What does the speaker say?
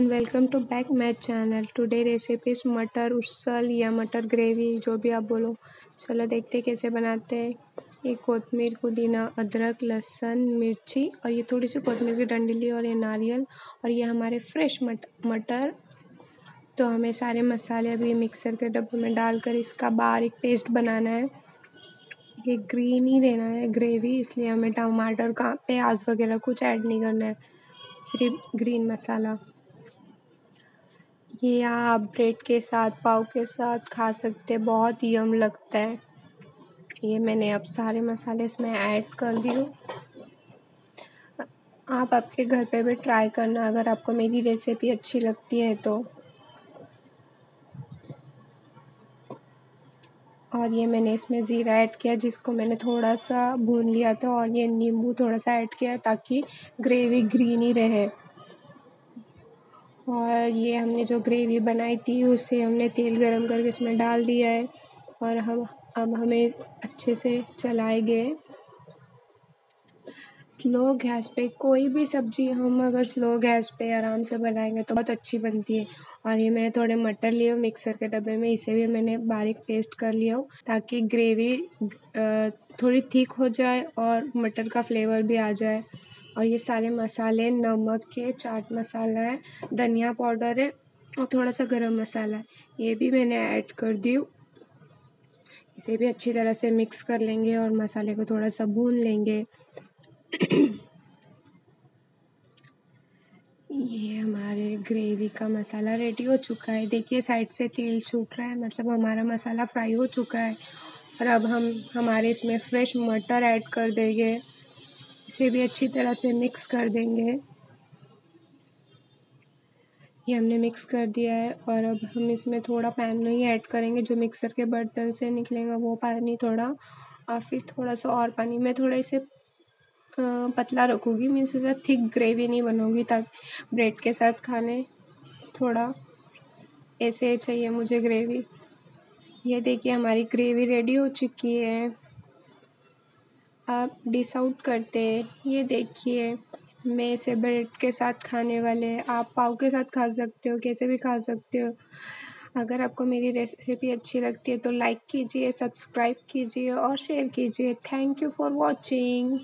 everyone welcome to back my channel today recipe इस मटर उसल या मटर ग्रेवी जो भी आप बोलो चलो देखते कैसे बनाते हैं ये कोतमीर पुदीना अदरक लहसन मिर्ची और ये थोड़ी सी कोतमीर की डंडली और ये नारियल और ये हमारे फ्रेश मट मटर तो हमें सारे मसाले अभी मिक्सर के डब्बे में डालकर इसका बारीक पेस्ट बनाना है ये ग्रीन ही रहना है ग्रेवी इसलिए हमें टमाटर का प्याज वगैरह कुछ ऐड नहीं करना है सिर्फ ग्रीन मसाला ये आप ब्रेड के साथ पाव के साथ खा सकते हैं बहुत यम लगता है ये मैंने अब सारे मसाले इसमें ऐड कर दी हूँ आप आपके घर पे भी ट्राई करना अगर आपको मेरी रेसिपी अच्छी लगती है तो और ये मैंने इसमें ज़ीरा ऐड किया जिसको मैंने थोड़ा सा भून लिया था और ये नींबू थोड़ा सा ऐड किया ताकि ग्रेवी ग्रीन ही रहे और ये हमने जो ग्रेवी बनाई थी उसे हमने तेल गरम करके उसमें डाल दिया है और हम अब हमें अच्छे से चलाएंगे स्लो गैस पे कोई भी सब्ज़ी हम अगर स्लो गैस पे आराम से बनाएंगे तो बहुत अच्छी बनती है और ये मैंने थोड़े मटर लिए मिक्सर के डब्बे में इसे भी मैंने बारीक पेस्ट कर लिया हो ताकि ग्रेवी थोड़ी ठीक हो जाए और मटर का फ्लेवर भी आ जाए और ये सारे मसाले नमक है चाट मसाला है धनिया पाउडर है और थोड़ा सा गरम मसाला है ये भी मैंने ऐड कर दी इसे भी अच्छी तरह से मिक्स कर लेंगे और मसाले को थोड़ा सा भून लेंगे ये हमारे ग्रेवी का मसाला रेडी हो चुका है देखिए साइड से तेल छूट रहा है मतलब हमारा मसाला फ्राई हो चुका है और अब हम हमारे इसमें फ्रेश मटर ऐड कर देंगे इसे भी अच्छी तरह से मिक्स कर देंगे ये हमने मिक्स कर दिया है और अब हम इसमें थोड़ा पैन नहीं ऐड करेंगे जो मिक्सर के बर्तन से निकलेगा वो पानी थोड़ा और फिर थोड़ा सा और पानी मैं थोड़ा इसे पतला रखूँगी मीन्स इसे थिक ग्रेवी नहीं बनूँगी ताकि ब्रेड के साथ खाने थोड़ा ऐसे चाहिए मुझे ग्रेवी ये देखिए हमारी ग्रेवी रेडी हो चुकी है आप डिस आउट करते हैं ये देखिए मैं से ब्रेड के साथ खाने वाले आप पाव के साथ खा सकते हो कैसे भी खा सकते हो अगर आपको मेरी रेसिपी अच्छी लगती है तो लाइक कीजिए सब्सक्राइब कीजिए और शेयर कीजिए थैंक यू फॉर वॉचिंग